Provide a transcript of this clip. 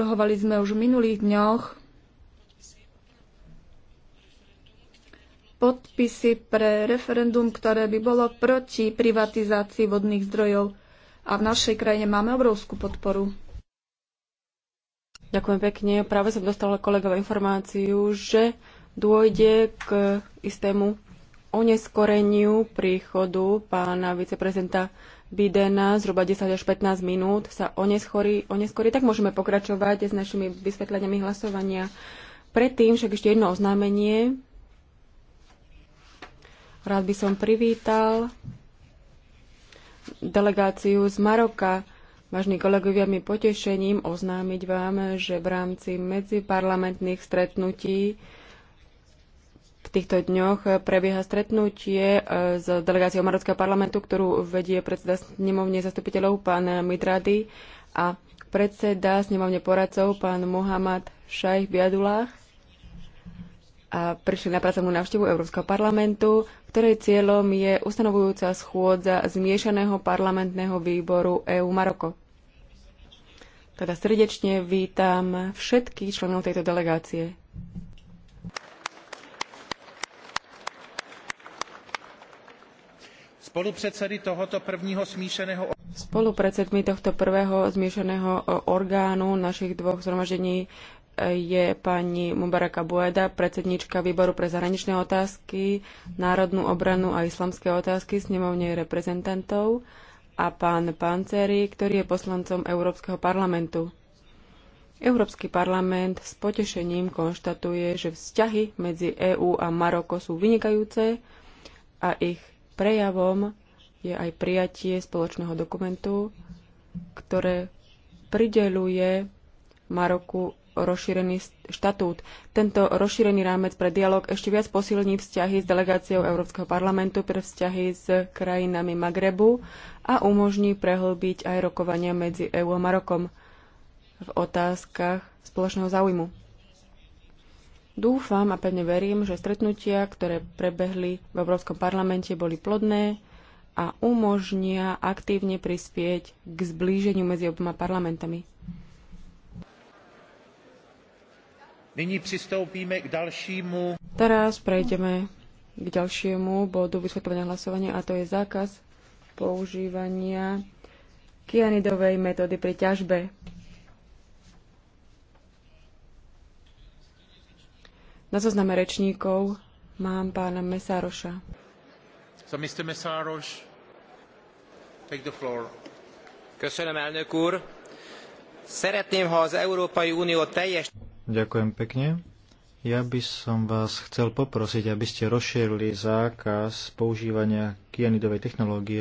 navrhovali sme už v minulých dňoch podpisy pre referendum, ktoré by bolo proti privatizácii vodných zdrojov. A v našej krajine máme obrovskú podporu. Ďakujem pekne. Práve som dostala kolegov informáciu, že dôjde k istému oneskoreniu príchodu pána viceprezidenta Bidena zhruba 10 až 15 minút sa oneskorí, oneskorí tak môžeme pokračovať s našimi vysvetleniami hlasovania. Predtým však ešte jedno oznámenie. Rád by som privítal delegáciu z Maroka. Vážni kolegovia, mi potešením oznámiť vám, že v rámci medziparlamentných stretnutí týchto dňoch prebieha stretnutie e, s delegáciou Marockého parlamentu, ktorú vedie predseda snemovne zastupiteľov pán Midrady a predseda snemovne poradcov pán Mohamed Šajh Biadulách a prišli na pracovnú návštevu Európskeho parlamentu, ktorej cieľom je ustanovujúca schôdza zmiešaného parlamentného výboru EU Maroko. Teda srdečne vítam všetkých členov tejto delegácie. Spolupredsedmi tohoto prvního smíšeného Spolupredsedmi tohto prvého zmiešaného e, orgánu našich dvoch zhromaždení e, je pani Mubaraka Bueda, predsednička Výboru pre zahraničné otázky, národnú obranu a islamské otázky snemovne reprezentantov a pán Panceri, ktorý je poslancom Európskeho parlamentu. Európsky parlament s potešením konštatuje, že vzťahy medzi EÚ a Maroko sú vynikajúce a ich prejavom je aj prijatie spoločného dokumentu, ktoré prideluje Maroku rozšírený štatút. Tento rozšírený rámec pre dialog ešte viac posilní vzťahy s delegáciou Európskeho parlamentu pre vzťahy s krajinami Magrebu a umožní prehlbiť aj rokovania medzi EÚ a Marokom v otázkach spoločného záujmu. Dúfam a pevne verím, že stretnutia, ktoré prebehli v Európskom parlamente, boli plodné a umožnia aktívne prispieť k zblíženiu medzi oboma parlamentami. Teraz prejdeme k ďalšiemu bodu vysvetlenia hlasovania a to je zákaz používania kianidovej metódy pri ťažbe Na zozname rečníkov mám pána Mesároša. So, Mr. Mesároš, take the floor. Köszönöm, elnök úr. Szeretném, ha az Európai Unió teljes... Ďakujem pekne. Ja by som vás chcel poprosiť, aby ste rozšírili zákaz používania kianidovej technológie